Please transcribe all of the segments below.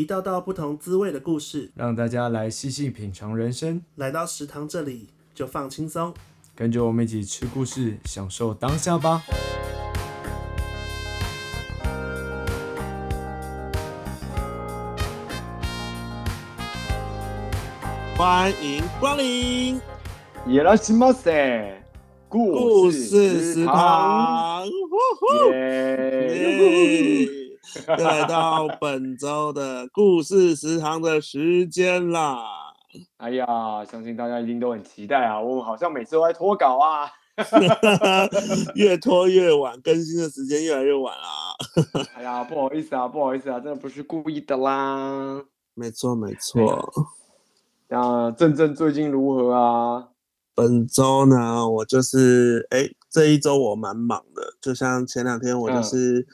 一道道不同滋味的故事，讓大家來細細品嘗人生。來到食堂這裡，就放輕鬆，跟着我們一起吃故事，享受當下吧！歡迎光臨いらっしゃいませ故事食堂， 又來到本周的故事食堂的時間啦！哎呀，相信大家一定都很期待啊！我們好像每次都在拖稿啊， 越拖越晚，更新的時間越來越晚啦，啊！ 哎呀，不好意思啊，不好意思啊，真的不是故意的啦。沒錯沒錯，哎，那震震最近如何啊？本周呢，我就是哎，這一周我蠻忙的，就像前兩天我就是。嗯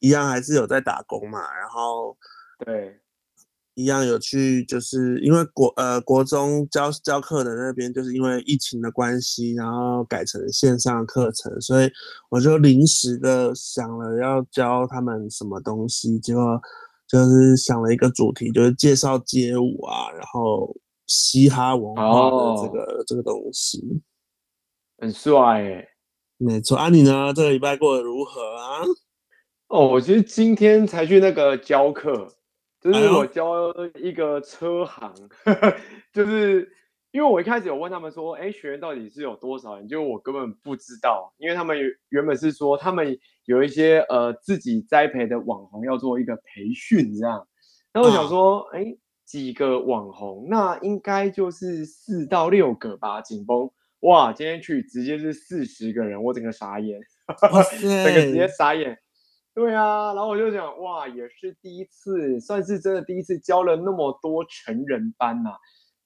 一樣還是有在打工嘛，然後對，一樣有去，就是因為國呃國中教教課的那邊，就是因為疫情的關係，然後改成線上的課程，所以我就臨時的想了要教他們什麼東西，結果就是想了一個主題，就是介紹街舞啊，然後嘻哈文化的這個、哦、這個東西，很帥耶，沒錯。啊，你呢？這個禮拜過得如何啊？哦，我其實今天才去那個教課，就是我教一個車行，oh. 呵呵，就是因為我一開始有問他們說，哎，學員到底是有多少人？就我根本不知道，因為他們原本是說他們有一些呃自己栽培的網紅要做一個培訓這樣，那我想說，哎、oh.，幾個網紅，那應該就是四到六個吧？景峰，哇，今天去直接是四十個人，我整個傻眼，oh, 整個直接傻眼。對啊，然後我就想，哇，也是第一次，算是真的第一次教了那麼多成人班吶、啊。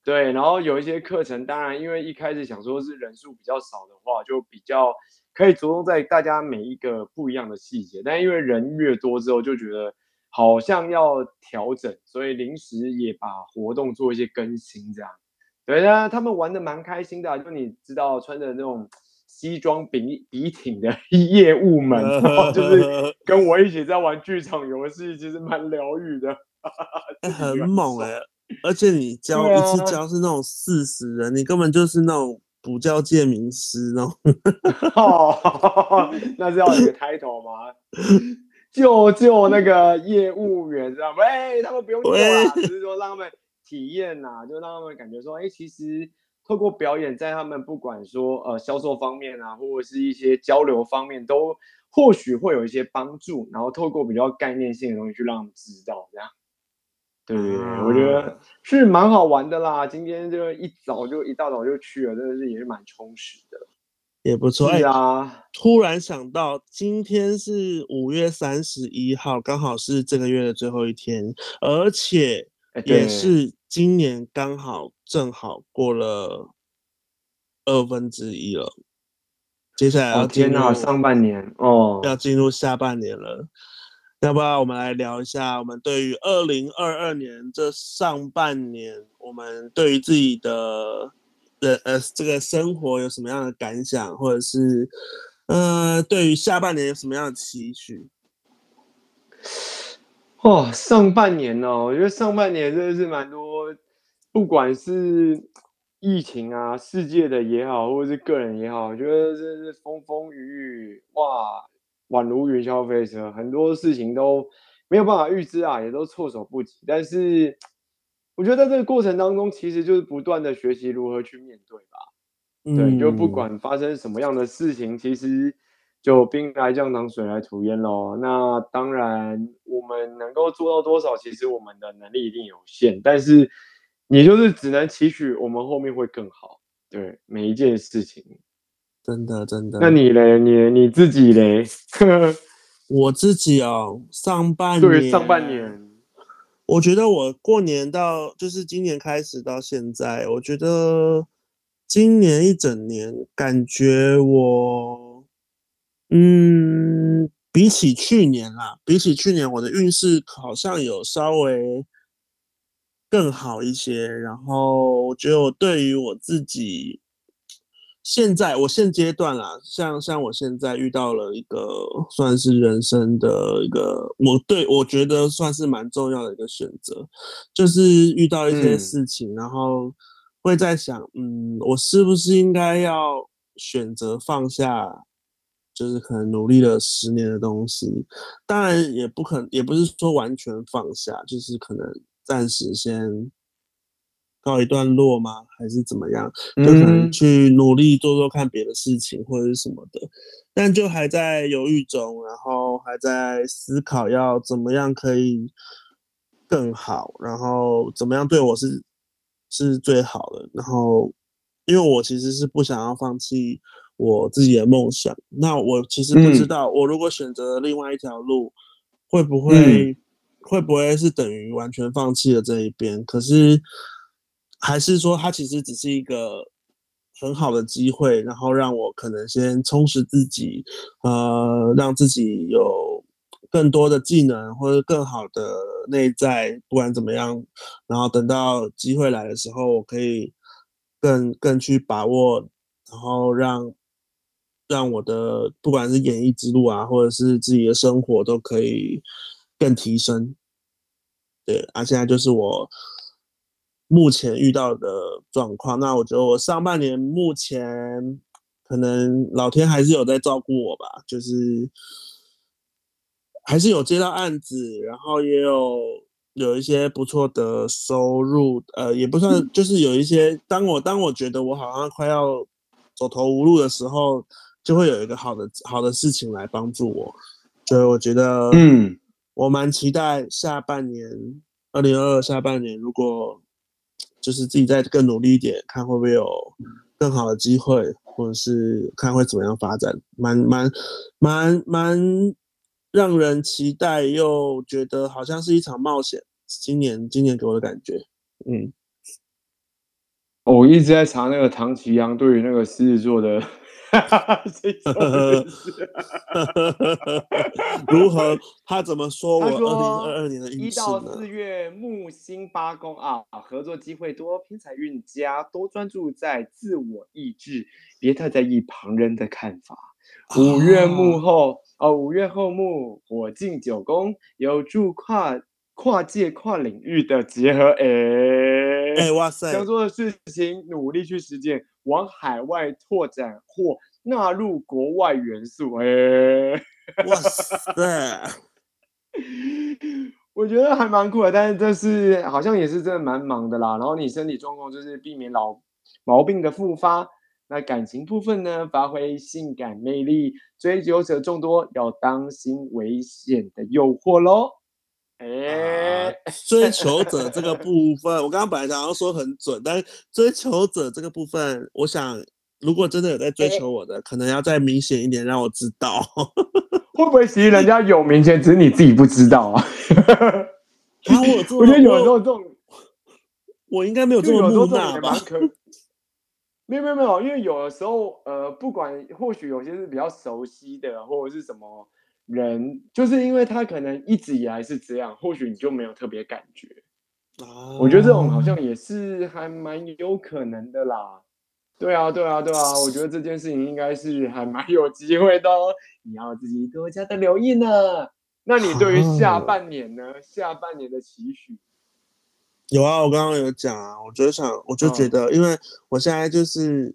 對，然後有一些課程，當然因為一開始想說是人數比較少的話，就比較可以着重在大家每一個不一樣的細節。但因為人越多之後，就覺得好像要調整，所以臨時也把活動做一些更新，這樣。對啊，他們玩的蠻開心的、啊，就你知道穿着那種。西裝筆筆挺的業務們，就是跟我一起在玩劇場遊戲，其實蠻療癒的 、欸，很猛哎、欸！而且你教一次教是那種四十人、啊，你根本就是那種補教界名師哦！哦，那是要一個 title 嗎？就 就那個業務員，知道嗎？哎，他們不用教啦、哎，只是說讓他們體驗吶、啊，就讓他們感覺說，哎，其實。透過表演，在他們不管說呃銷售方面啊，或者是一些交流方面，都或許會有一些幫助。然後透過比較概念性的東西去讓他們知道，這樣。對，我覺得是蠻好玩的啦。嗯、今天就一早就一大早就去了，真的是也是蠻充實的，也不錯啊、哎。突然想到，今天是五月三十一號，剛好是這個月的最後一天，而且也是今年剛好。哎正好過了二分之一了，接下來要天哪，上半年哦，要進入下半年了，要不要我們來聊一下我們對於二零二二年這上半年，我們對於自己的的呃這個生活有什麼樣的感想，或者是嗯、呃、對於下半年有什麼樣的期許？哦，上半年哦，我覺得上半年真的是蠻多。不管是疫情啊，世界的也好，或者是個人也好，我覺得這是風風雨雨哇，宛如雲霄飛車，很多事情都沒有辦法預知啊，也都措手不及。但是我覺得在這個過程當中，其實就是不斷的學習如何去面對吧、嗯。對，就不管發生什麼樣的事情，其實就兵來將擋，水來土掩咯。那當然，我們能夠做到多少，其實我們的能力一定有限，但是。你就是只能期許我們後面會更好，對，每一件事情，真的真的。那你嘞？你你自己嘞？ 我自己哦，上半年。對，上半年。我覺得我過年到，就是今年開始到現在，我覺得今年一整年，感覺我，嗯，比起去年啦，比起去年，我的運勢好像有稍微。更好一些。然後我覺得我對於我自己，現在我現階段啊，像像我現在遇到了一個算是人生的一個我對我覺得算是蠻重要的一個選擇，就是遇到一些事情，嗯、然後會在想，嗯，我是不是應該要選擇放下，就是可能努力了十年的東西，當然也不可能，也不是說完全放下，就是可能。暫時先告一段落嗎？還是怎麼樣？嗯、就可能去努力做做看別的事情或者是什麼的，但就還在猶豫中，然後還在思考要怎麼樣可以更好，然後怎麼樣對我是是最好的。然後，因為我其實是不想要放棄我自己的夢想。那我其實不知道，我如果選擇另外一條路、嗯，會不會、嗯？會不會是等於完全放棄了這一邊？可是還是說，它其實只是一個很好的機會，然後讓我可能先充實自己，呃，讓自己有更多的技能或者更好的內在，不管怎麼樣，然後等到機會來的時候，我可以更、更去把握，然後讓，讓我的，不管是演藝之路啊，或者是自己的生活都可以。更提升，對啊，現在就是我目前遇到的狀況。那我覺得我上半年目前可能老天還是有在照顧我吧，就是還是有接到案子，然後也有有一些不錯的收入。呃，也不算，就是有一些。嗯、當我當我覺得我好像快要走投無路的時候，就會有一個好的好的事情來幫助我。所以我覺得，嗯。我蠻期待下半年，二零二二下半年，如果就是自己再更努力一點，看會不會有更好的機會，或者是看會怎麼樣發展，蠻蠻蠻蠻讓人期待，又覺得好像是一場冒險。今年今年給我的感覺，嗯，哦、我一直在查那個唐綺陽對於那個獅子座的。哈哈哈哈哈！ 如何？他怎麼說我？二零二二年的運勢呢？一到四月木星八宮啊，合作機會多，偏財運佳，多專注在自我意志，別太在意旁人的看法。五、啊、月幕後哦，五月後木火進九宮，有助跨跨界跨領域的結合。哎哎，哇塞！想做的事情，努力去實踐。往海外拓展、或納入國外元素，哎，哇塞，我覺得還蠻酷的。但是這是好像也是真的蠻忙的啦。然後你身體狀況就是避免老毛病的復發。那感情部分呢，發揮性感魅力，追求者眾多，要當心危險的誘惑嘍。哎、啊，追求者這個部分， 我剛剛本來想要說很準，但追求者這個部分，我想如果真的有在追求我的，欸、可能要再明顯一點，讓我知道， 會不會其實人家有明顯， 只是你自己不知道啊？ 啊，我覺得我， 我覺得有的時候這種，我應該沒有這麼木訥吧？有的 沒有沒有沒有，因為有的時候呃，不管或許有些是比較熟悉的，或者是什麼。人就是因為他可能一直以來是這樣，或許你就沒有特別感覺啊。Oh. 我覺得這種好像也是還蠻有可能的啦。對啊，對啊，對啊，我覺得這件事情應該是還蠻有機會的哦。你要自己多加的留意呢。那你對於下半年呢？Oh. 下半年的期許？有啊，我剛剛有講啊，我就想，我就覺得，oh. 因為我現在就是。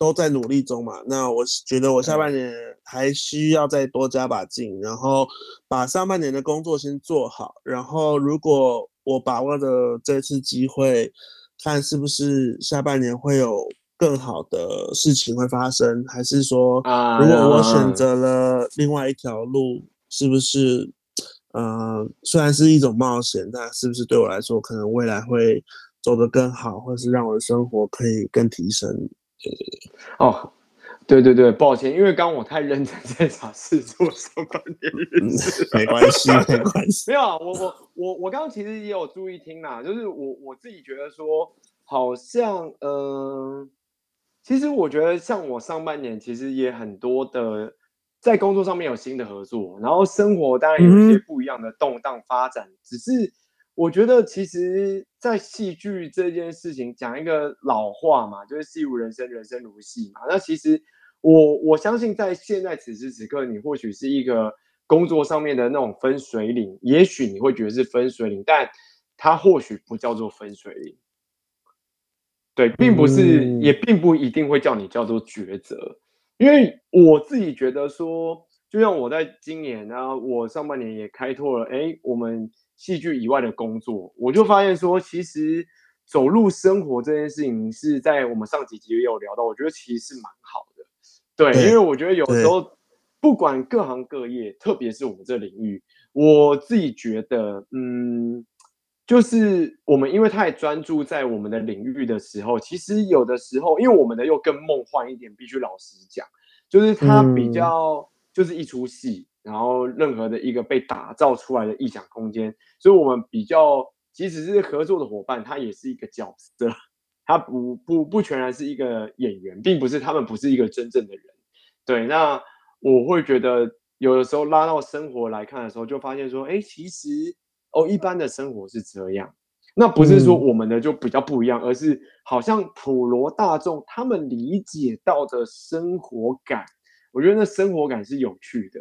都在努力中嘛，那我覺得我下半年還需要再多加把勁，Okay. 然後把上半年的工作先做好，然後如果我把握了這次機會，看是不是下半年會有更好的事情會發生，還是說如果我選擇了另外一條路，Uh-huh. 是不是，嗯、呃，雖然是一種冒險，但是不是對我來說可能未來會走得更好，或是讓我的生活可以更提升？對對對，哦，對對對，抱歉，因為剛，剛我太認真在嘗試，事，做上半年認沒關係，沒關係。 沒有，我我我我剛剛其實也有注意聽啦，就是我我自己覺得說，好像嗯、呃，其實我覺得像我上半年其實也很多的，在工作上面有新的合作，然後生活當然有一些不一樣的動盪發展，嗯、只是。我覺得其實，在戲劇這件事情，講一個老話嘛，就是“戲如人生，人生如戲”嘛。那其實我，我我相信，在現在此時此刻，你或許是一個工作上面的那種分水嶺，也許你會覺得是分水嶺，但它或許不叫做分水嶺。對，並不是，嗯、也並不一定會叫你叫做抉擇。因為我自己覺得說，就像我在今年啊，我上半年也開拓了，哎，我們。戲劇以外的工作，我就發現說，其實走路生活這件事情是在我們上幾集也有聊到，我覺得其實是蠻好的，對，對，因為我覺得有時候不管各行各業，特別是我們這領域，我自己覺得，嗯，就是我們因為太專注在我們的領域的時候，其實有的時候，因為我們的又更夢幻一點，必須老實講，就是它比較就是一出戲。嗯然後，任何的一個被打造出來的異想空間，所以我們比較，即使是合作的夥伴，他也是一個角色，他不不不全然是一個演員，並不是他們不是一個真正的人。對，那我會覺得，有的時候拉到生活來看的時候，就發現說，哎，其實哦，一般的生活是這樣，那不是說我們的就比較不一樣，嗯、而是好像普羅大眾他們理解到的生活感，我覺得那生活感是有趣的。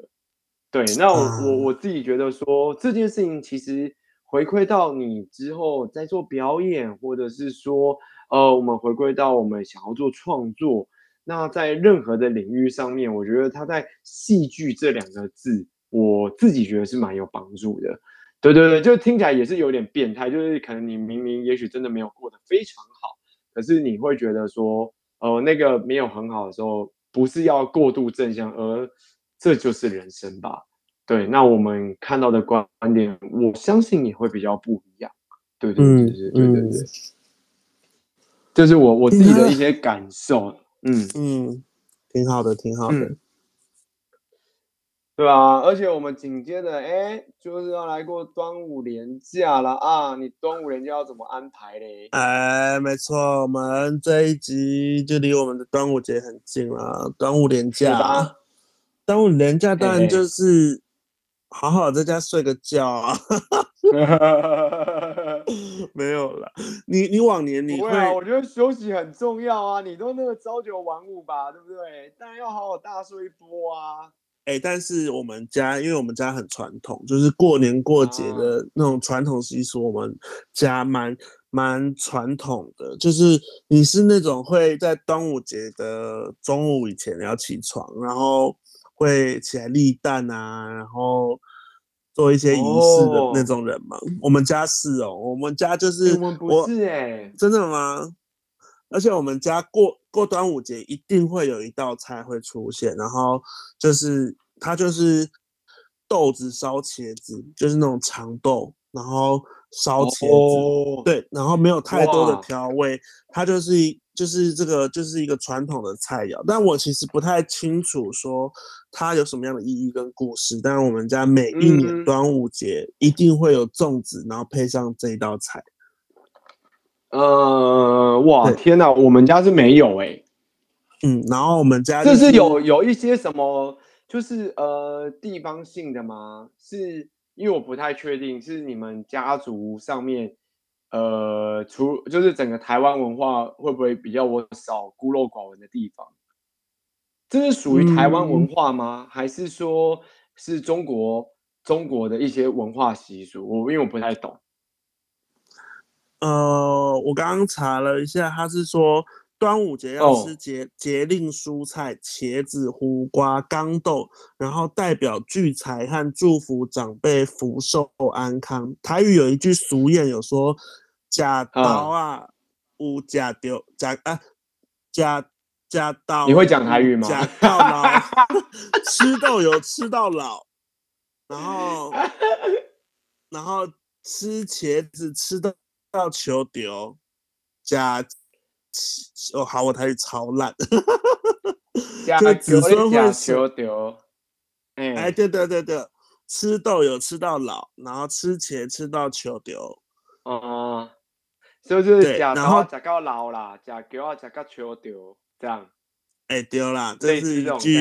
對，那我我,我自己覺得說這件事情，其實回饋到你之後，在做表演，或者是說，呃，我們回歸到我們想要做創作，那在任何的領域上面，我覺得它在戲劇這兩個字，我自己覺得是蠻有幫助的。對對對，就聽起來也是有點變態，就是可能你明明也許真的沒有過得非常好，可是你會覺得說，呃，那個沒有很好的時候，不是要過度正向，而。這就是人生吧，對。那我們看到的觀點，我相信也會比較不一樣，對對對對對對對，嗯嗯，就是我我自己的一些感受，嗯、啊、嗯、嗯，挺好的，挺好的，嗯、對吧，啊？而且我們緊接着，哎、欸，就是要來過端午連假了啊！你端午連假要怎麼安排嘞？哎，沒錯，我們這一集就離我們的端午節很近了，端午連假。端午人家當然就是好好在家睡個覺啊、欸，欸、 沒有啦。你你往年你會會啊？我覺得休息很重要啊。你都那個朝九晚五吧，對不對？當然要好好大睡一波啊。哎，但是我們家，因為我們家很傳統，就是過年過節的那種傳統習俗，我們家蠻蠻傳統的，就是你是那種會在端午節的中午以前你要起床，然後。會起來立蛋啊，然後做一些儀式的那種人嘛。Oh. 我們家是哦，我們家就是 我們不是耶， 真的嗎？ 而且我們家過過端午節一定會有一道菜會出現，然後就是它就是豆子燒茄子，就是那種長豆，然後。燒茄子哦哦，對，然後沒有太多的調味，它就是一就是這個就是一個傳統的菜肴。但我其實不太清楚說它有什麼樣的意義跟故事。但是我們家每一年端午節一定會有粽子，嗯、然後配上這一道菜。呃，哇，天哪，我們家是沒有哎、欸。嗯，然後我們家就是，是有有一些什麼，就是呃地方性的嗎？是。因為我不太確定是你們家族上面，呃，除就是整個台灣文化會不會比較我少孤陋寡聞的地方？這是屬於台灣文化嗎？嗯、還是說是中國中國的一些文化習俗？我因為我不太懂。呃，我剛剛查了一下，他是說。端午節要吃節、oh. 節令蔬菜，茄子、胡瓜、豇豆，然後代表聚財和祝福長輩福壽安康。台語有一句俗諺，有說“假刀啊，勿假丟假啊，假假刀”。你會講台語嗎？假到老， 吃豆油吃到老，然後 然後吃茄子吃到球丟，假。哦，好，我台語超爛，對， 子孫會吃丟，哎，對對對對，吃豆有吃到老，然後吃茄吃到球丟，哦，就是，然後吃到老啦，吃到吃到球丟，這、嗯、樣，哎，丟了、欸，這是一種經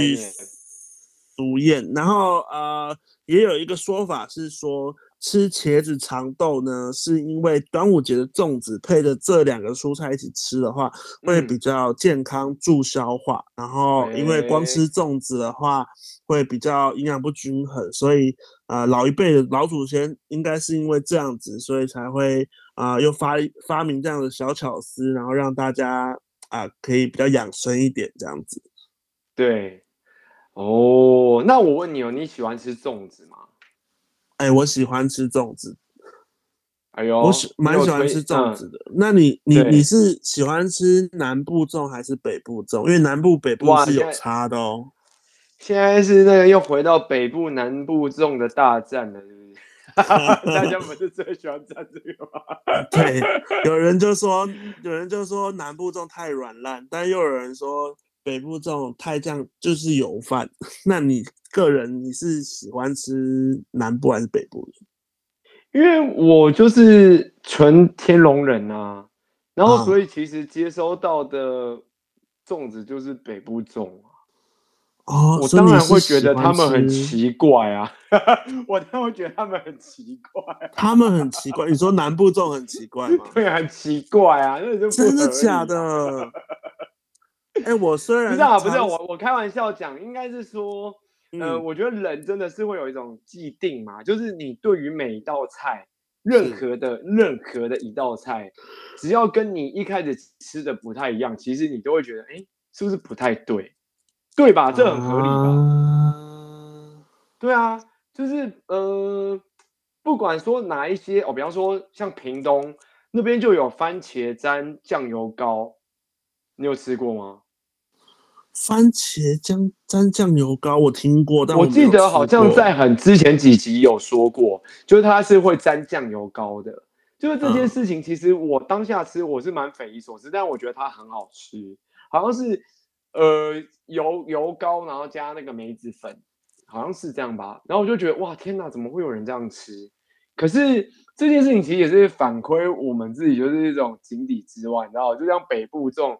驗，然後呃，也有一個說法是說。吃茄子、長豆呢，是因為端午節的粽子配着這兩個蔬菜一起吃的話，會比較健康、嗯、助消化。然後，因為光吃粽子的話，欸、會比較營養不均衡，所以，啊、呃、老一輩的老祖先應該是因為這樣子，所以才會啊、呃，又發發明這樣的小巧思，然後讓大家啊、呃，可以比較養生一點，這樣子。對，哦，那我問你哦，你喜歡吃粽子嗎？哎、欸，我喜歡吃粽子。哎呦，我喜蠻喜歡吃粽子的。啊、那你你你是喜歡吃南部粽還是北部粽？因為南部北部是有差的哦、喔。現在是那個又回到北部南部粽的大戰了是不是？ 大家不是最喜歡戰這個嗎？ 對，有人就說有人就說南部粽太軟爛，但又有人說。北部粽太醬，就是油飯，那你個人你是喜歡吃南部還是北部？因為我就是純天龍人啊，然後所以其實接收到的粽子就是北部粽啊，啊、哦。我當然會覺得他們很奇怪啊！哦、 我當然會覺得他們很奇怪。啊。他們很奇怪，你說南部粽很奇怪嗎？ 對，很奇怪啊，那你就真的假的？哎、欸，我雖然不知道、啊、不是、啊、我，我開玩笑講，應該是說，呃、嗯，我覺得人真的是會有一種既定嘛，就是你對於每一道菜，任何的、嗯、任何的一道菜，只要跟你一開始吃的不太一樣，其實你都會覺得，哎、欸，是不是不太對，對吧？這很合理吧？Uh... 對啊，就是呃，不管說哪一些哦，比方說像屏東那邊就有番茄沾醬油膏，你有吃過嗎？番茄醬沾醬油膏，我聽過，但我沒有吃過。我記得好像在很之前幾集有說過，就是它是會沾醬油膏的。就是這件事情，其實我當下吃我是蠻匪夷所思、嗯，但我覺得它很好吃，好像是呃油油膏，然後加那個梅子粉，好像是這樣吧。然後我就覺得哇天哪，怎麼會有人這樣吃？可是這件事情其實也是反饋我們自己，就是一種井底之蛙，你知道嗎，就像北部這種。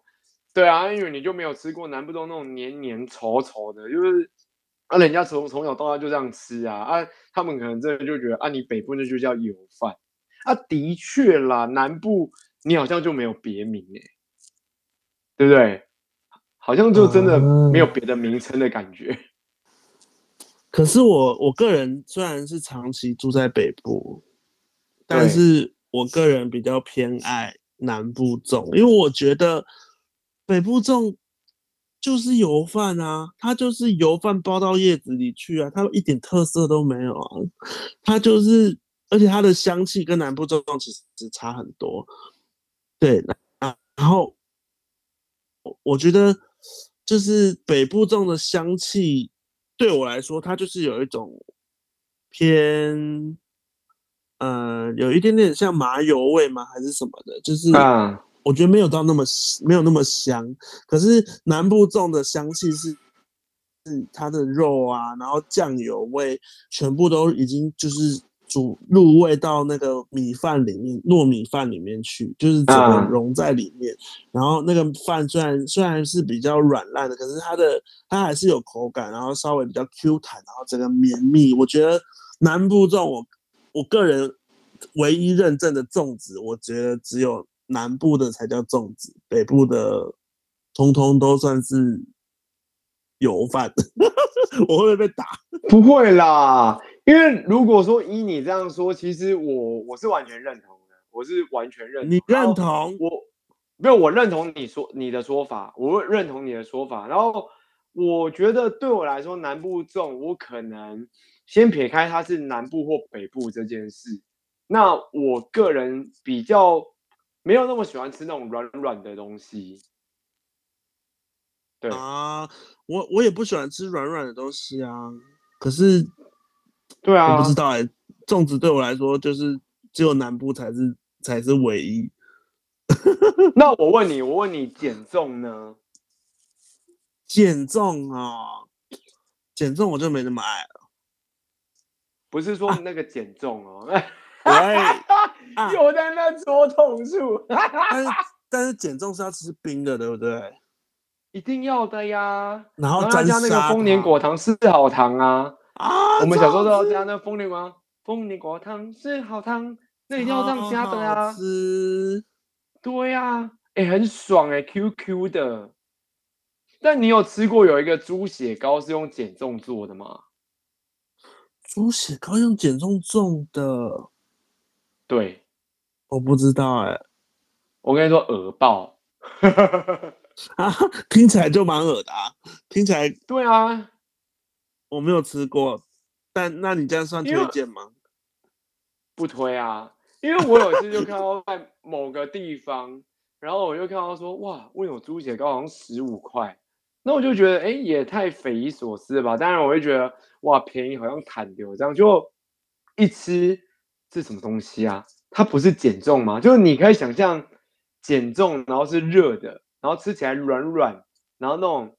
對啊，因為你就沒有吃過，南部都那種黏黏稠稠的，就是啊，人家從從小到大就這樣吃啊啊，他們可能真的就覺得啊，你北部那就叫油飯啊，的確啦，南部你好像就沒有別名哎、欸，對不對？好像就真的沒有別的名稱的感覺。嗯、可是我我個人雖然是長期住在北部，但是我個人比較偏愛南部粽，因為我覺得。北部粽就是油飯啊，它就是油飯包到葉子裡去啊，它一點特色都沒有啊，它就是，而且它的香氣跟南部粽其實差很多。對，啊，然後我覺得就是北部粽的香氣對我來說，它就是有一種偏，呃，有一點點像麻油味嗎？還是什麼的？就是。啊我覺得沒有到那麼沒有那麼香，可是南部粽的香氣是是它的肉啊，然後醬油味全部都已經就是煮入味到那個米飯裡面，糯米飯裡面去，就是整個融在裡面。然後那個飯雖然雖然是比較軟爛的，可是它的它還是有口感，然後稍微比較 Q 彈，然後整個綿密。我覺得南部粽我我個人唯一認證的粽子，我覺得只有。南部的才叫粽子，北部的通通都算是油飯。 我會被打？不會啦，因為如果說依你這樣說，其實我我是完全認同的，我是完全認同。你認同？我，沒有，我認同你說你的說法，我認同你的說法。然後我覺得對我來說，南部粽我可能先撇開它是南部或北部這件事，那我個人比較。沒有那麼喜歡吃那種軟軟的東西，對啊，我我也不喜歡吃軟軟的東西啊。可是，對啊，我不知道哎、欸，粽子對我來說就是只有南部才是才是唯一。 那我問你，我問你，鹼粽呢？鹼粽啊，鹼粽我就沒那麼愛了。不是說那個減重哦、啊。啊 對， 就、啊、在那戳痛處 但、但是但是鹼粽是要吃冰的，對不對？一定要的呀。然後，然後加那個豐年果糖是好糖啊，啊！我們小時候都要加那豐年果啊，豐年果糖是好糖，那一定要這樣加的呀，啊！吃，對呀、啊欸，很爽、欸、QQ 的。但你有吃過有一個豬血糕是用鹼粽做的嗎？豬血糕用鹼粽做的。對，我不知道哎、欸，我跟你說，耳爆 啊，聽起來就蠻耳的，啊，聽起來對啊，我沒有吃過，但那你這樣算推薦嗎？不推啊，因為我有一次就看到在某個地方， 然後我就看到說，哇，問有豬血糕好像十五塊，那我就覺得，哎、欸，也太匪夷所思了吧，當然我會覺得，哇，便宜好像坦掉這樣，就一吃。是什麼東西啊？它不是鹼粽嗎？就是你可以想象鹼粽，然後是熱的，然後吃起來軟軟，然後那種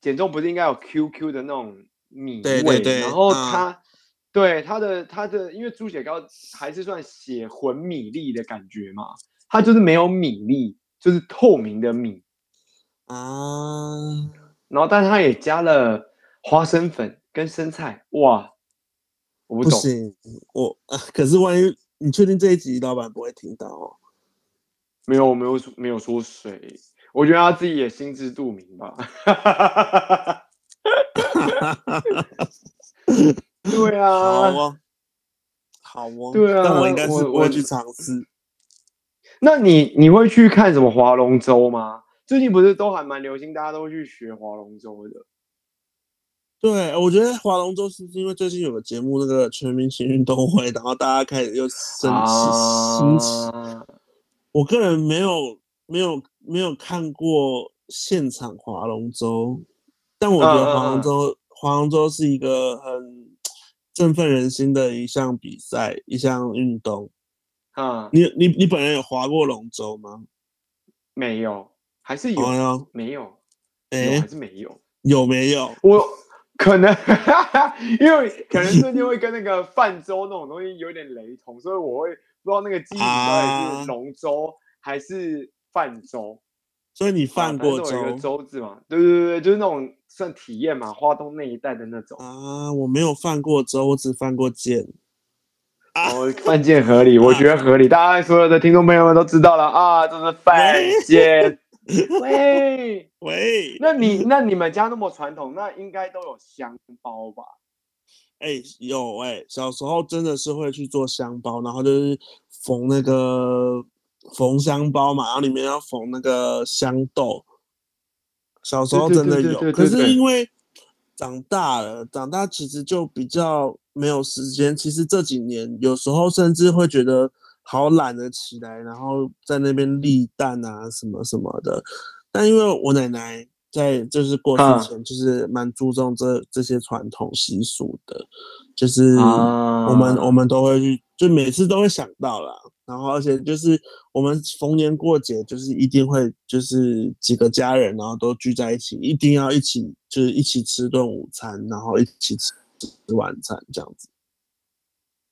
鹼粽不是應該有 QQ 的那種米味？對對對。然後它、嗯、對它的它的，因為豬血糕還是算血混米粒的感覺嘛，它就是沒有米粒，就是透明的米啊、嗯。然後，但是它也加了花生粉跟生菜，哇。我不懂，不行，我、啊、可是萬一你確定這一集老板不會聽到哦？沒有，我沒有沒有說誰，我覺得他自己也心知肚明吧。哈哈哈！哈哈！哈哈！哈哈！對啊， 好啊，好啊，對啊，那我應該是會去我去嘗試。那你你會去看什麼划龍舟嗎？最近不是都還蠻流行，大家都去學划龍舟的。對，我覺得划龍舟是因為最近有個節目，那個全明星運動會，然後大家開始又興起興起。我個人沒有沒有沒有看過現場划龍舟，但我覺得划龍舟劃、uh, uh, uh, uh. 龍舟是一個很振奮人心的一項比賽，一項運動。啊、uh.，你你你本人有劃過龍舟嗎？沒有，還是有？Oh no. 沒有，沒、欸、哎，有還是沒有？有沒有？我。 可能 因為可能最近會跟那個泛舟那種東西有點雷同， 所以我會不知道那個雞到底是龍舟還是泛舟，啊。所以你泛過個舟，啊，字嘛？對對對，就是那種算體驗嘛，花東那一帶的那種。啊，我沒有泛過舟，我只泛過箭我，哦，犯賤合理，我覺得合理。啊，大家所有的聽眾朋友們都知道了啊，這是犯賤。 喂 喂， 那你那你們家那麼傳統，那應該都有香包吧？哎、欸、有哎、欸，小時候真的是會去做香包，然後就是縫那個縫香包嘛，然後裡面要縫那個香豆。小時候真的有，對對對對對對，可是因為長大了，長大其實就比較沒有時間。其實這幾年有時候甚至會覺得。好懶得起來，然後在那邊立蛋啊，什麼什麼的。但因為我奶奶在，就是過世前，就是蠻注重這這些傳統習俗的。就是我們我們都會去，就每次都會想到啦，然後而且就是我們逢年過節，就是一定會就是幾個家人，然後都聚在一起，一定要一起就是一起吃頓午餐，然後一起吃晚餐這樣子。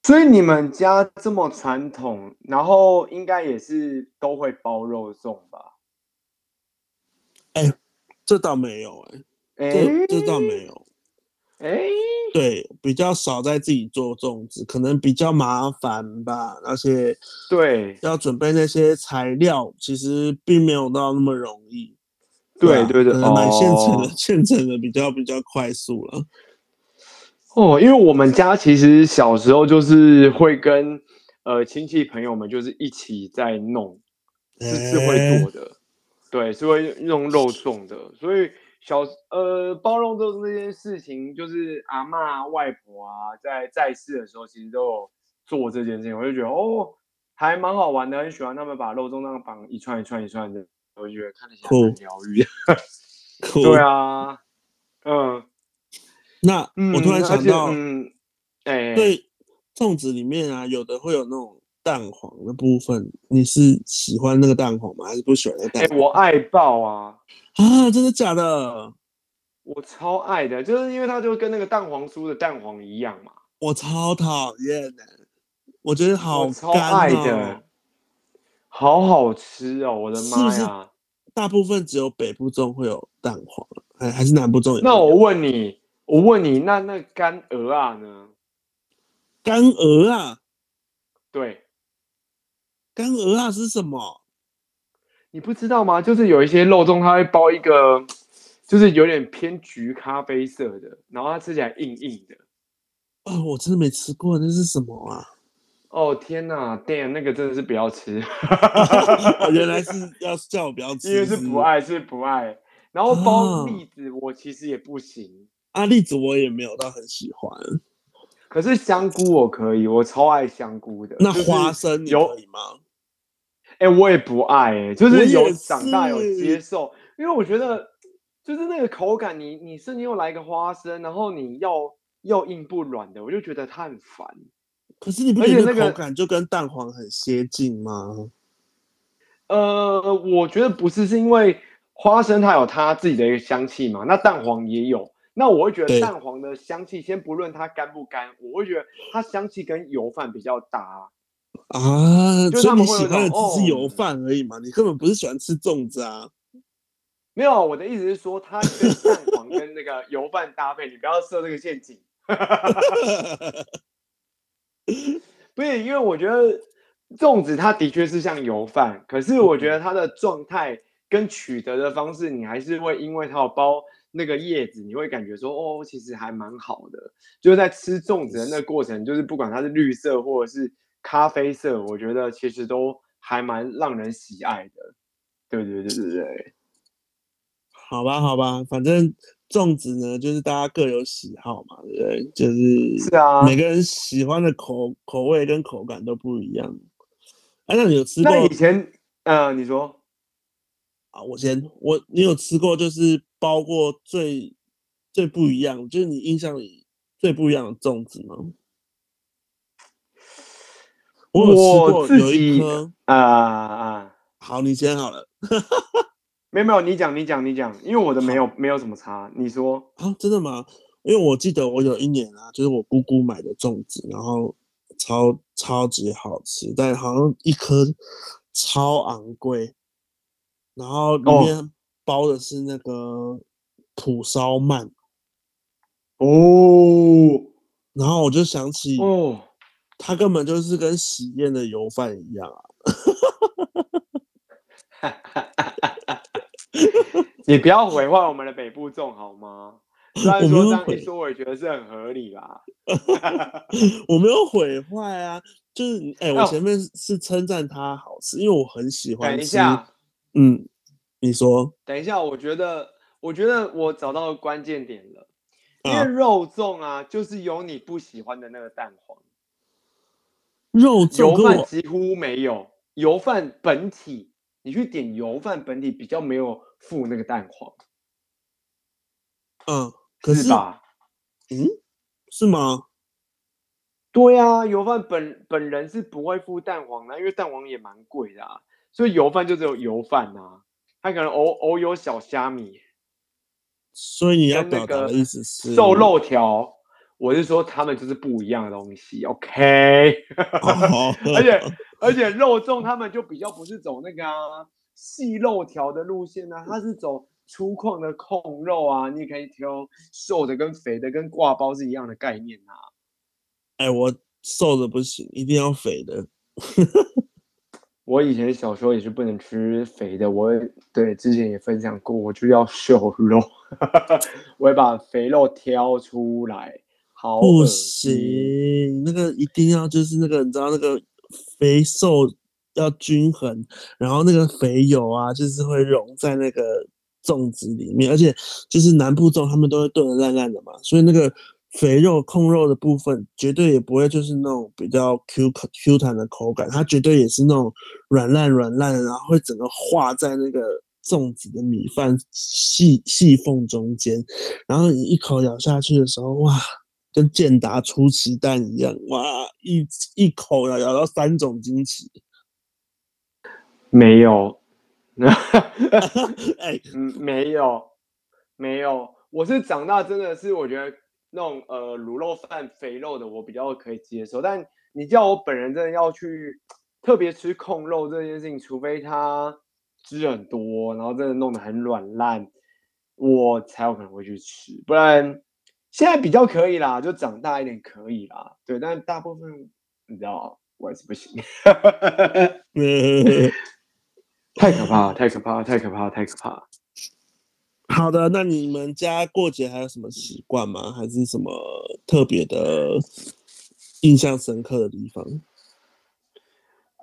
所以你們家這麼傳統，然後應該也是都會包肉粽吧？哎、欸欸欸，這倒沒有，哎，這這倒沒有，哎，對，比較少在自己做粽子，可能比較麻煩吧，而且對，要準備那些材料，其實並沒有到那麼容易。對對，對對，買現成的、哦，現成的比較比較快速了。哦，因為我們家其實小時候就是會跟呃親戚朋友們就是一起在弄，是，是會做的、欸，對，是會弄肉粽的，所以小呃包容粽這件事情，就是阿媽、外婆啊在在世的時候，其實都有做這件事情，我就覺得哦還蠻好玩的，很喜歡他們把肉粽那樣綁一串一串一串的，我就覺得看起些很療癒，對啊，嗯、呃。那、嗯、我突然想到，誒、嗯，欸、對、粽子裡面啊，有的會有那種蛋黃的部分，你是喜歡那個蛋黃嗎？還是不喜歡那個蛋黃？那蛋哎，我愛爆啊！啊，真的假的？嗯、我超愛的，就是因為它就跟那個蛋黃酥的蛋黃一樣嘛。我超討厭的，我覺得好乾、哦、我超愛的，好好吃哦！我的媽呀！是不是大部分只有北部粽會有蛋黃，還還是南部粽有，有蛋黃。那我問你。我問你，那那干鵝啊呢？干鵝啊，對，干鵝啊是什麼？你不知道嗎？就是有一些肉粽，它會包一個，就是有點偏橘咖啡色的，然後它吃起來硬硬的。哦，我真的沒吃過，那是什麼啊？哦天哪，Damn，那個真的是不要吃。 原來是要叫我不要吃是不是？因為是不愛，是不愛。然後包栗子，我其實也不行。阿、啊、栗子我也沒有到很喜歡，可是香菇我可以，我超愛香菇的。那花生有可以嗎？哎、就是欸，我也不愛、欸，就是有是長大有接受，因為我覺得就是那個口感你，你你是你又來一個花生，然後你要又硬不軟的，我就覺得它很煩。可是你不覺得那個口感、那個、就跟蛋黃很接近嗎？呃，我覺得不是，是因為花生它有它自己的一個香氣嘛，那蛋黃也有。那我會覺得蛋黃的香氣，先不論它乾不乾，我會覺得它香氣跟油飯比較搭啊。啊就他們所以你喜歡吃油飯而已嘛，哦，你根本不是喜歡吃粽子啊。沒有，我的意思是說，它跟蛋黃跟那個油飯搭配， 你不要設這個陷阱。 不是，因為我覺得粽子它的確是像油飯，可是我覺得它的狀態跟取得的方式，你還是會因為它的包。那個葉子你會感覺說哦，其實還蠻好的。就在吃粽子的那個過程，就是不管它是綠色或者是咖啡色，我覺得其實都還蠻讓人喜愛的。對對對對對，對。好吧，好吧，反正粽子呢，就是大家各有喜好嘛，對，對就是是啊，每個人喜歡的口、啊、口味跟口感都不一樣。哎、啊，那你有吃過？那以前啊、呃，你說。啊，我先我你有吃過就是包過最最不一樣，就是你印象裡最不一樣的粽子嗎？我，我有吃過有一顆啊啊，好你先好了， 沒有沒有，你講你講你講，因為我的沒有沒有什麼差，你說啊真的嗎？因為我記得我有一年啊，就是我姑姑買的粽子，然後超超級好吃，但好像一顆超昂貴。然後裡面包的是那個蒲燒鰻、oh. 哦，然後我就想起哦，oh. 它根本就是跟喜宴的油飯一樣啊！ 你不要毀壞我們的北部粽，好嗎？雖然說我沒有這樣一說，我也覺得是很合理吧、啊， 我沒有毀壞啊，就是哎、欸，我前面是，是稱讚它好吃，因為我很喜歡吃。欸嗯，你說，等一下，我覺得，我覺得我找到了關鍵點了、啊，因為肉粽啊，就是有你不喜歡的那個蛋黃，肉粽油飯幾乎沒有，油飯本體，你去點油飯本體比較沒有附那個蛋黃，嗯、啊，可是，是吧，嗯，是嗎？對啊，油飯本本人是不會附蛋黃的，因為蛋黃也蠻貴的、啊。所以油飯就只有油飯吶、啊，他可能偶偶有小蝦米。所以你要表達的意思是瘦肉條，我是說他們就是不一樣的東西，OK？、哦、 而且 而且肉粽他們就比較不是走那個細、啊、肉條的路線呢、啊，它是走粗獷的控肉啊。你可以挑瘦的跟肥的跟刈包是一樣的概念啊。哎，我瘦的不行，一定要肥的。 我以前小時候也是不能吃肥的，我也對，之前也分享過，我就要瘦肉，呵呵，我會把肥肉挑出來。好，不行，那個一定要就是那個你知道那個肥瘦要均衡，然後那個肥油啊，就是會融在那個粽子裡面，而且就是南部粽他們都會燉得爛爛的嘛，所以那個。肥肉控肉的部分絕對也不會就是那種比較 Q Q 彈的口感，它絕對也是那種軟爛軟爛的，然後會整個化在那個粽子的米飯細細縫中間，然後你一口咬下去的時候，哇，跟健達出奇蛋一樣，哇，一一口咬咬到三種驚喜，沒有， 哎，嗯，沒有，沒有，我是長大真的是我覺得。那種呃滷肉飯肥肉的我比較可以接受，但你叫我本人真的要去特別吃控肉這件事情，除非它汁很多，然後真的弄得很軟爛，我才有可能會去吃。不然現在比較可以啦，就長大一點可以啦，對。但大部分你知道我還是不行， 嗯、 太可怕了，太可怕了，太可怕了，太可怕了。好的，那你們家過節還有什麼習慣嗎？還是什麼特別的、印象深刻的地方？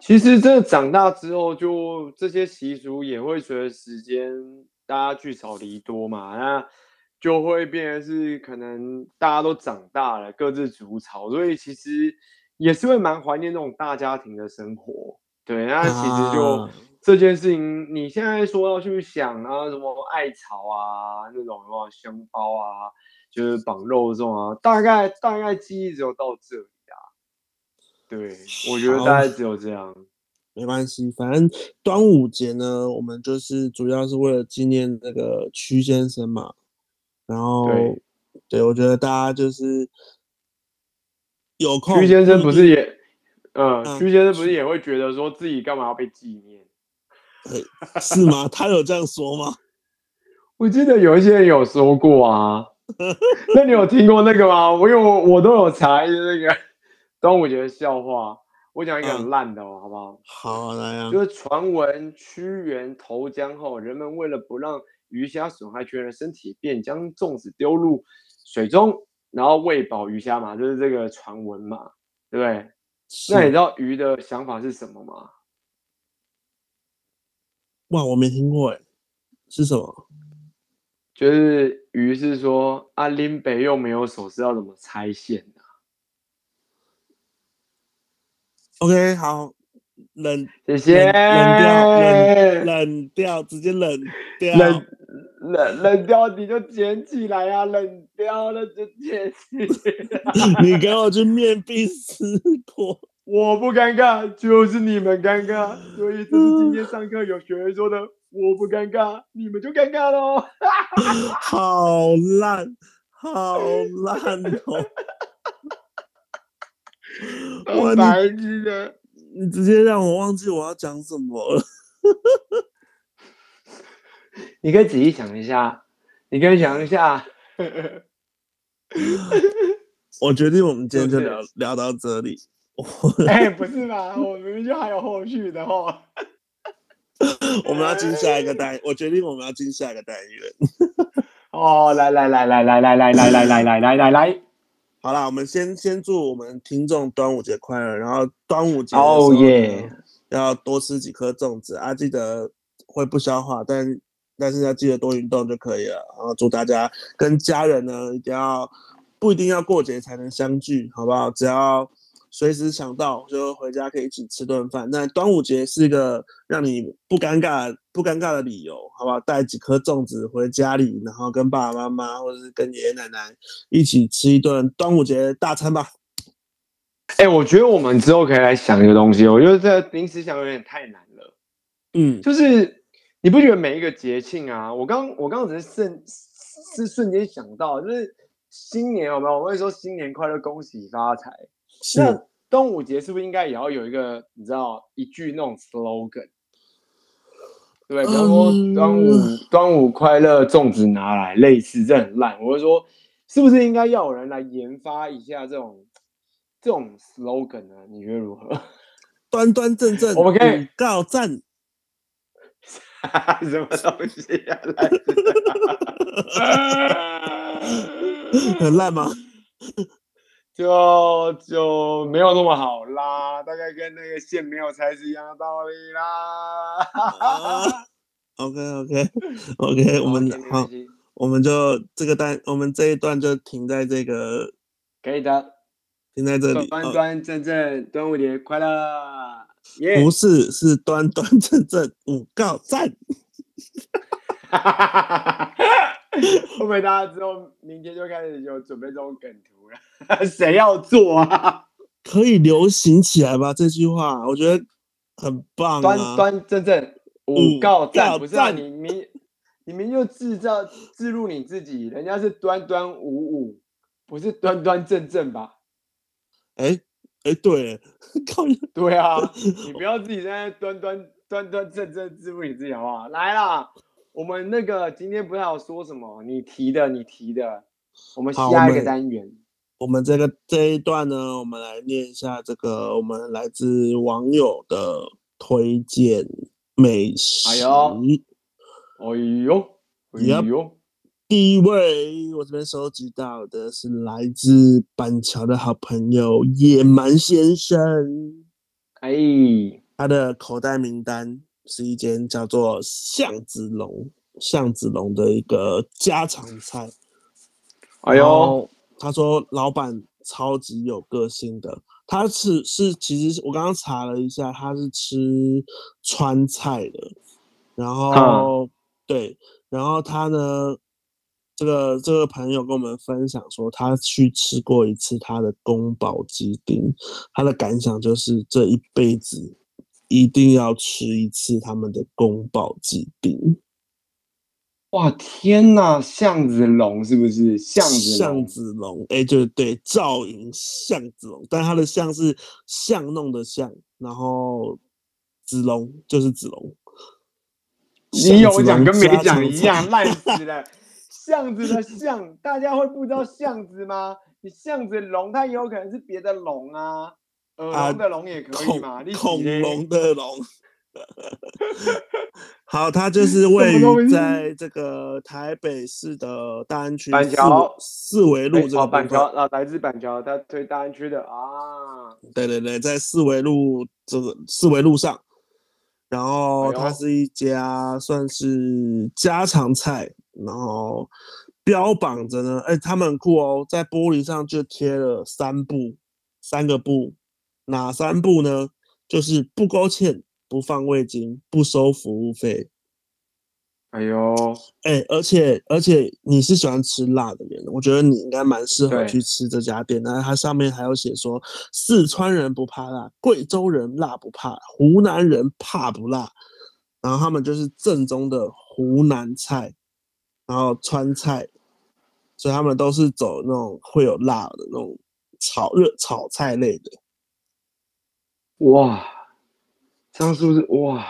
其實這長大之後就，就這些習俗也會隨着時間，大家聚少離多嘛，那就會變成是可能大家都長大了，各自築巢，所以其實也是會蠻懷念那種大家庭的生活。對，那其實就。啊這件事情你現在說要去想啊，什麼艾草啊，那種什麼、啊、香包啊，就是綁肉粽啊，大概大概記憶只有到這裡啊。對，我覺得大概只有這樣。沒關係，反正端午節呢，我們就是主要是為了紀念那個屈先生嘛。然後，對，對我覺得大家就是有空。屈先生不是也，嗯，呃、屈先生不是也會覺得說自己幹嘛要被紀念？ 是嗎？他有這樣說嗎？我記得有一些人有說過啊， 那你有聽過那個嗎？我有，我都有查這、那個端午節的笑話。我講一個很爛的哦，哦、啊。好不好？好，來呀，啊。就是傳聞，屈原投江後，人們為了不讓魚蝦損害屈原的身體，便將粽子丟入水中，然後餵飽魚蝦嘛，就是這個傳聞嘛，對不對？那你知道魚的想法是什麼嗎？哇，我沒聽過哎，是什麼？就是於是說阿、啊、林北又沒有手，是要怎麼拆線的、啊？OK，好，冷，謝謝，冷，冷掉冷，冷掉，直接冷掉，冷冷冷掉你就撿起來啊，冷掉了就撿起來、啊， 你給我去面壁思過。我不尷尬，就是你們尷尬。所以這是今天上課有學生說的。 我不尷尬，你們就尷尬嘍。 好爛，好爛哦！我 白記得你,你直接讓我忘記我要講什麼了。 你可以仔細想一下，你可以想一下。 我決定，我們今天就聊 聊到這裡。哎、 欸，不是吧，我明明就還有後續的吼。呵呵 我們要進下一個單，欸、我決定我們要進下一個單元。 哦，來來來來來來來來來來來來來，來、嗯，好啦，我們先先祝我們聽眾端午節快樂，然後端午節哦耶、oh, yeah.，要多吃幾顆粽子啊，記得會不消化，但但是要記得多運動就可以了。然後祝大家跟家人呢一定要不一定要過節才能相聚，好不好？只要。隨時想到就回家可以一起吃頓飯。那端午節是一個讓你不尷尬、不尷尬的理由，好不好？帶幾顆粽子回家裡，然後跟爸爸媽媽或者是跟爺爺奶奶一起吃一頓端午節大餐吧。哎、欸，我覺得我們之後可以來想一個東西，我覺得在臨時想有點太難了。嗯，就是你不覺得每一個節慶啊，我剛我剛只是瞬是瞬間想到，就是新年，好嗎？我們會說新年快樂，恭喜發財。那端午節是不是應該也要有一個你知道一句那種 slogan、嗯、對不對？端午端午快樂，粽子拿來，嗯、類似，這很爛。我就說，是不是應該要有人來研發一下這種這種 slogan 呢、啊？你覺得如何？端端正正，我們可以告讚。什麼東西啊？啊 很爛嗎？就就沒有那麼好啦，大概跟那個線沒有拆是一樣的道理啦。哈 哈、oh, OK OK OK， 我們 好，天天好，我們就這個單，我們這一段就停在這個，可以的，停在這裡。端端正正 端午節快樂、yeah！不是，是端端正正五個讚。哈哈哈！後 面大家之後，明天就開始有準備這種梗圖了。誰 要做啊？可以流行起來吧？這句話我覺得很棒、啊。端端正正，五告贊不是、啊、你你你們就制造自辱你自己，人家是端端五五，不是端端正正吧？哎、欸、哎、欸，對， 對啊，你不要自己在那端端端端正正自辱你自己好不好？來啦！我們那個今天不要說什麼，你提的、你提的，我們下一個單元，我們，我們這個這一段呢，我們來念一下這個我們來自網友的推薦美食。哎呦，哎呦，哎呦！第一位，我這邊收集到的是來自板橋的好朋友野蠻先生，可、哎、以，他的口袋名單。是一間叫做巷子龍巷子龍的一個家常菜。哎呦，啊，他說老闆超級有個性的，他是是其實我剛剛查了一下，他是吃川菜的。然後，啊，對，然後他呢，這個這個朋友跟我們分享說，他去吃過一次他的宮保雞丁，他的感想就是這一輩子。一定要吃一次他們的宮爆雞丁。哇，天哪！巷子龍是不是巷子龍？哎、欸，就是對，趙雲巷子龍，但它的巷是巷弄的巷，然後子龍就是子龍。你有講跟沒講一樣，爛死了！ 巷子的巷，大家會不知道巷子嗎？你 巷子龍，它也有可能是別的龍啊。龍的龍也可以嘛？啊、恐恐龍的龍， 好，它就是位於在這個台北市的大安區四維路這個、哎哦、板橋啊，來自板橋，它推大安區的啊。對對對，在四維路這個四維路上，然後它是一家算是家常菜，然後標榜着呢，哎，他們很酷哦，在玻璃上就貼了三布，三個布。哪三步呢？就是不勾芡、不放味精、不收服務費。哎呦，哎、欸，而且而且你是喜歡吃辣的人，我覺得你應該蠻適合去吃這家店，然後它上面還有寫說，四川人不怕辣，貴州人辣不怕，湖南人怕不辣。然後他們就是正宗的湖南菜，然後川菜，所以他們都是走那種會有辣的那種炒熱炒菜類的。哇，上次是，是哇，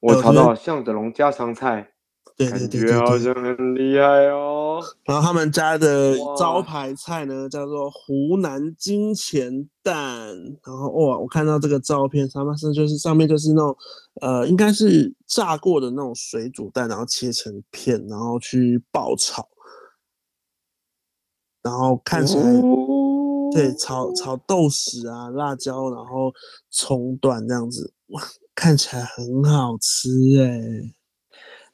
我炒到向子龍家常菜，對，感覺好、啊、像很厲害哦。然後他們家的招牌菜呢，叫做湖南金錢蛋。然後哇，我看到這個照片，他們其實就是上面就是那種呃，應該是炸過的那種水煮蛋，然後切成片，然後去爆炒，然後看起來。哦對、欸，炒炒豆豉啊，辣椒，然後蔥段這樣子，哇，看起來很好吃誒。誒、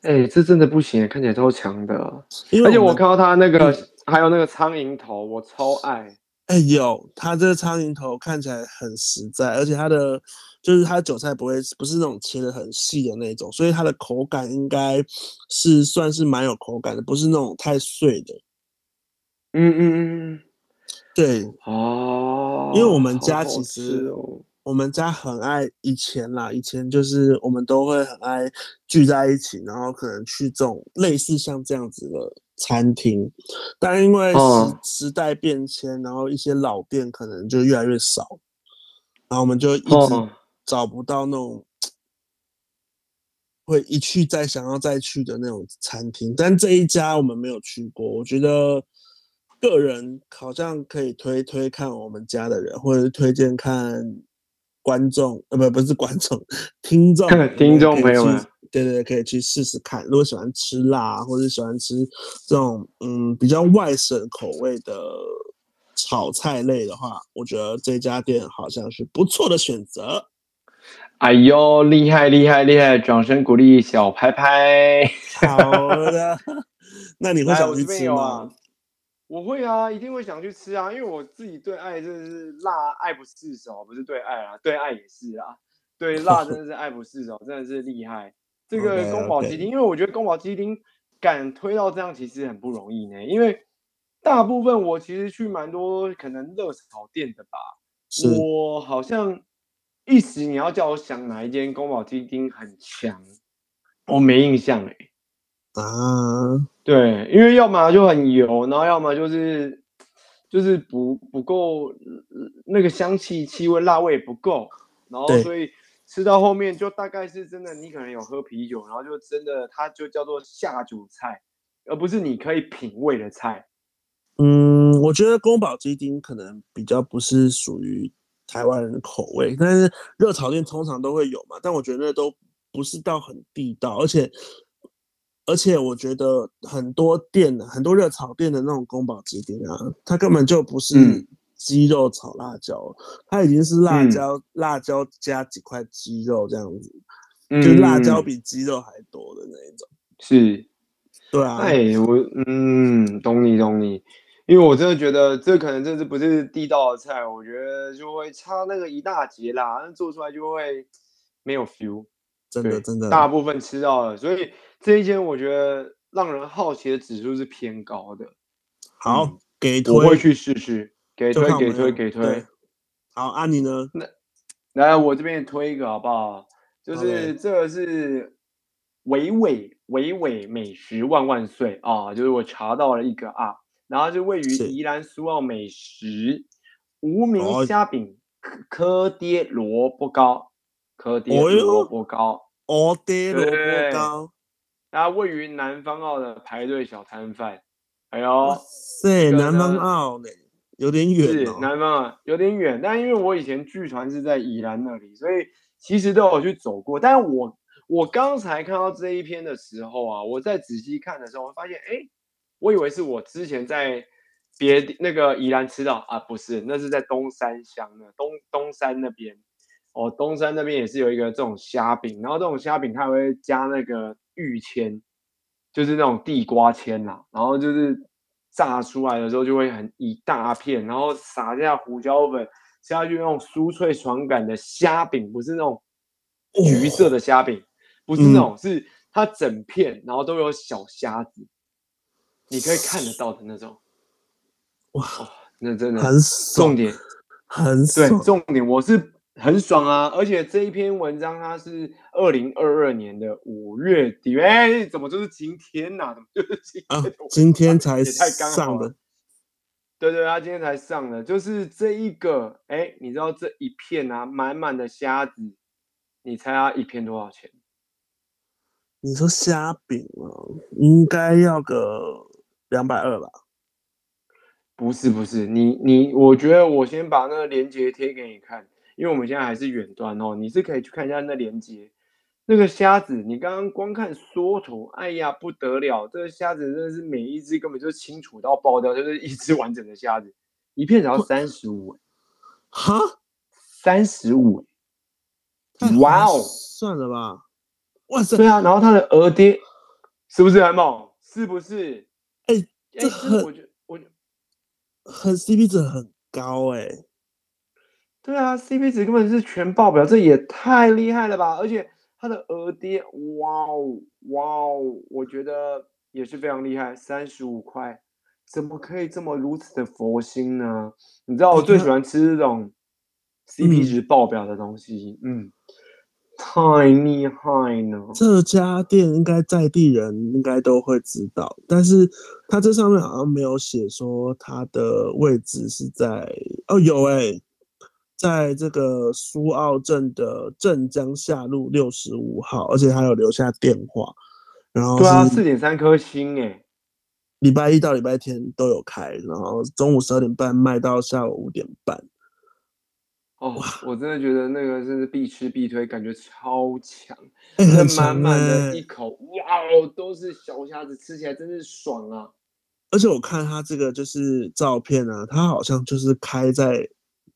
欸，這真的不行，看起來超強的。因為我而且我看到他那個、嗯、還有那個蒼蠅頭，我超愛。誒、欸，有，他這個蒼蠅頭看起來很實在，而且他的就是他的韭菜不會不是那種切的很細的那種，所以它的口感應該是算是蠻有口感的，不是那種太碎的。嗯嗯嗯。嗯對哦，因為我們家其實我們家很愛以前啦、哦，以前就是我們都會很愛聚在一起，然後可能去這種類似像這樣子的餐廳，但因為時時代變遷、哦，然後一些老店可能就越來越少，然後我們就一直找不到那種會一去再想要再去的那種餐廳，但這一家我們沒有去過，我覺得。個人好像可以推推看我們家的人，或者是推薦看觀眾呃不，不不是觀眾，聽眾聽眾朋友們，對，對對，可以去試試看。如果喜歡吃辣，或者喜歡吃這種嗯比較外省口味的炒菜類的話，我覺得這家店好像是不錯的選擇。哎喲，厲害厲害厲害！掌聲鼓勵，小拍拍。好的， 那你會想去吃嗎？我會啊，一定會想去吃啊，因為我自己對愛真的是辣愛不釋手，不是對愛啊，對愛也是啊，對辣真的是愛不釋手， 真的是厲害。這個宮保雞丁，okay, okay。因為我覺得宮保雞丁敢推到這樣，其實很不容易呢。因為大部分我其實去蠻多可能熱炒店的吧，是，我好像一時你要叫我想哪一間宮保雞丁很強，我沒印象哎。啊，對，因為要麼就很油，然後要麼就是就是不不夠那個香氣、氣味、辣味，也不夠，然後所以吃到後面就大概是真的，你可能有喝啤酒，然後就真的它就叫做下酒菜，而不是你可以品味的菜。嗯，我覺得宮保雞丁可能比較不是屬於台灣人的口味，但是熱炒店通常都會有嘛，但我覺得都不是到很地道，而且。而且我覺得很多店的很多熱炒店的那種宮保雞丁啊，它根本就不是雞肉炒辣椒，嗯，它已經是辣椒、嗯、辣椒加幾塊雞肉這樣子，嗯、就辣椒比雞肉還多的那一種。是，對啊。哎，我嗯懂你懂你，因為我真的覺得這可能這是不是地道的菜，我覺得就會差那個一大截啦，做出來就會沒有 feel。真的真的，大部分吃到了，所以這一間我覺得讓人好奇的指數是偏高的。好，嗯、給推，我會去試試，給推給推給推。給推好，阿、啊、你呢？那來我這邊推一個好不好？就是，Okay. 這個是維維維維美食萬萬歲啊！就是我查到了一個啊，然後就位於宜蘭蘇澳美食無名蝦餅、柯爹蘿蔔糕。柯蒂蘿蔔糕，柯蒂蘿蔔糕、啊，位於南方澳的排隊小攤販。哎呦，對、這個哦，南方澳有點遠。南方澳有點遠，但因為我以前劇團是在宜蘭那裡，所以其實都有去走過。但我我剛才看到這一篇的時候啊，我在仔細看的時候，我發現哎，我以為是我之前在別那個宜蘭吃到啊，不是，那是在東山鄉的東東山那邊。哦，東山那邊也是有一個這種蝦餅，然後這種蝦餅它會加那個芋簽，就是那種地瓜簽啦、啊，然後就是炸出來的時候就會很一大片，然後撒下胡椒粉，下去那種酥脆爽感的蝦餅，不是那種橘色的蝦餅，不是那種、哦，是它整片，然後都有小蝦子、嗯，你可以看得到的那種。哇，哦、那真的很重點，很爽 對，重點我是。很爽啊！而且這一篇文章它是二零二二年的五月底，哎、欸，怎麼就是今天呢、啊？怎麼就是今天、啊？今天才上的，啊啊、才上的對對，對、啊，他今天才上的，就是這一個，哎、欸，你知道這一片啊，滿滿的蝦子，你猜它一片多少錢？你說蝦餅啊，應該要個兩百二吧？不是不是，你你，我覺得我先把那個鏈接貼給你看。因為我們現在還是遠端哦，你是可以去看一下那連接，那個蝦子，你剛剛光看縮圖，哎呀不得了，這個蝦子真的是每一隻根本就清楚到爆掉，就是一隻完整的蝦子，一片只要三十五，哈，三十五，哇哦，啊 wow，算了吧，哇塞，對啊，然後它的額爹是不是很猛，哎？是不是？哎，這很，我覺我覺很 CP 值很高哎，欸。對啊，CP 值根本是全爆表，這也太厲害了吧！而且它的額跌，哇哦哇哦，我覺得也是非常厲害，三十五塊，怎麼可以這麼如此的佛心呢？你知道我最喜歡吃這種 CP 值爆表的東西，嗯，嗯，太厲害了。這家店應該在地人應該都會知道，但是它這上面好像沒有寫說它的位置是在哦，有哎、欸。在這個蘇澳鎮的鎮江下路六十五號，而且他有留下電話。然後對啊，四點三顆星哎，禮拜一到禮拜天都有開，然後中午十二點半賣到下午五點半。哦，我真的覺得那個真是必吃必推，感覺超強，欸、很哎、欸！滿滿的一口，哇哦，都是小蝦子，吃起來真是爽啊！而且我看他這個就是照片呢、啊，他好像就是開在。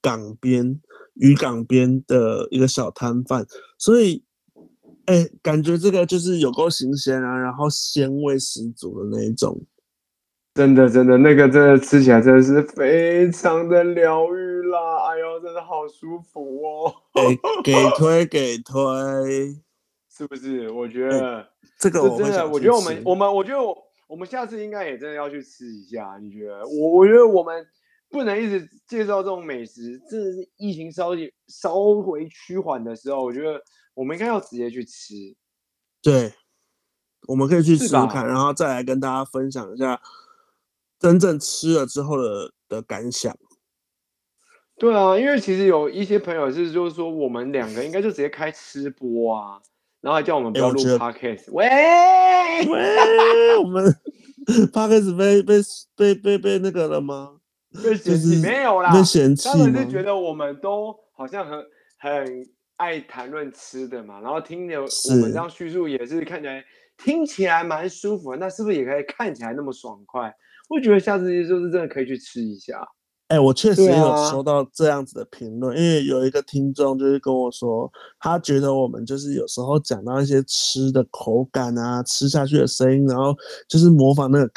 港邊漁港邊的一個小攤販，所以、欸、感覺這個就是有夠新鮮啊，然後鮮味十足的那一種。真的，真的，那個真的吃起來真的是非常的療癒啦！哎呦，真的好舒服哦！欸、給推給推，是不是？我覺得、欸、這個真的我，我覺得我們我們我覺得我們下次應該也真的要去吃一下。你覺得？我我覺得我們。不能一直介紹這種美食。這是疫情稍微稍微趨緩的時候，我覺得我們應該要直接去吃。對，我們可以去吃看、啊，然後再來跟大家分享一下真正吃了之後的的感想。對啊，因為其實有一些朋友是就是說，我們兩個應該就直接開吃播啊， 然後還叫我們不要錄 podcast、哎。喂喂， 我們 podcast 被被被被被那個了嗎？就是你沒有啦，他們就覺得我們都好像很很愛談論吃的嘛，然後聽着我們這樣敘述也是看起來聽起來蠻舒服，那是不是也可以看起來那麼爽快？我覺得下次就是真的可以去吃一下。哎、欸，我確實有收到這樣子的評論、啊，因為有一個聽眾就是跟我說，他覺得我們就是有時候講到一些吃的口感啊，吃下去的聲音，然後就是模仿那個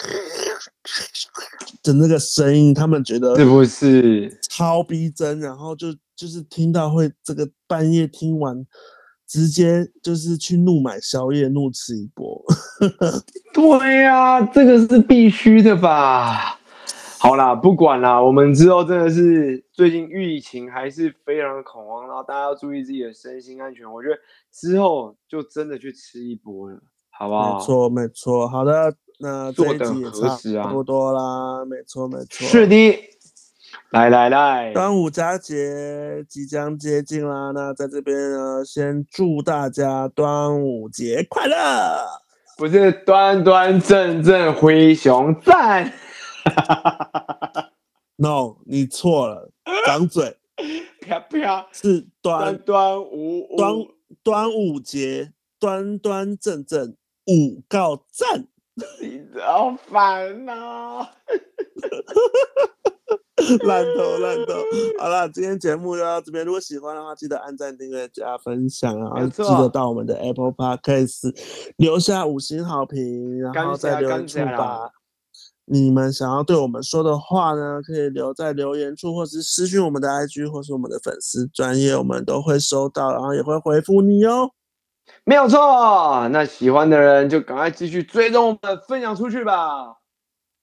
的那個聲音，他們覺得是不是超逼真？然後就就是聽到會這個半夜聽完，直接就是去怒買宵夜，怒吃一波。 對呀、啊，這個是必須的吧？好啦，不管啦，我們之後真的是最近疫情還是非常的恐慌，然後大家要注意自己的身心安全。我覺得之後就真的去吃一波了，好不好？沒錯，沒錯。好的，那一多坐等何時啊？差不多啦，沒錯，沒錯。是的，來來來，端午佳節即將接近啦，那在這邊呢，先祝大家端午節快樂，不是端端正正灰熊讚。哈 ，no，你錯了，掌嘴， 飄飄是端端午，端端午節，端端正正五告讚， 好煩哦，爛透爛透，好了，今天節目就到這邊，如果喜歡的話，記得按讚、訂閱、加分享啊，然後記得到我們的 Apple Podcast 留下五星好評，然後再留言出吧。你們想要對我們說的話呢，可以留在留言處，或是私信我們的 IG，或是我們的粉絲專頁，我們都會收到，然後也會回復你哦。沒有錯，那喜歡的人就趕快繼續追蹤我們，的分享出去吧。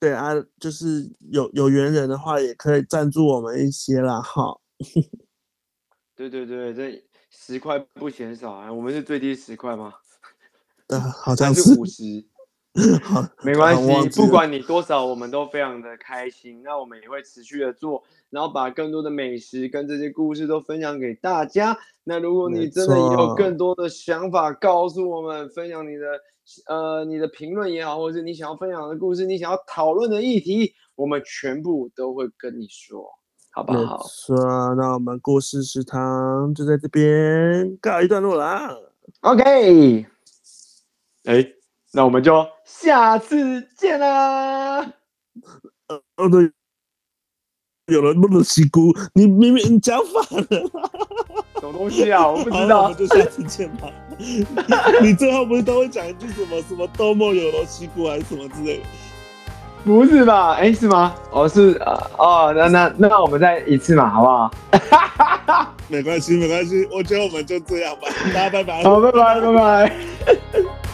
對啊，就是有有緣人的話，也可以贊助我們一些啦，哈。對對對，這十塊不嫌少啊，哎，我們是最低十塊嗎？對、啊，好像是五十。 沒關係係， 不管你多少，我們都非常的開心。那我們也會持續的做，然後把更多的美食跟這些故事都分享給大家。那如果你真的有更多的想法，告訴我們，分享你的呃你的評論也好，或者你想要分享的故事，你想要討論的議題，我們全部都會跟你說，好不好？好、啊。那我們故事食堂就在這邊告一段落了，啊。OK，哎，欸，那我們就。下次見啦！哦、呃、對，有人不能西姑，你明明講反了， 什麼東西啊？我不知道。我們就下次見吧 你。你最後不是都會講一句什麼什麼“盜夢有龍西姑”還是什麼之類的？不是吧？哎、欸，是嗎？哦，是、呃、啊，哦，那那那我們再一次嘛，好不好？ 沒關係，沒關係，我覺得我們就這樣吧。 大家拜拜，好，拜拜，拜拜。拜拜。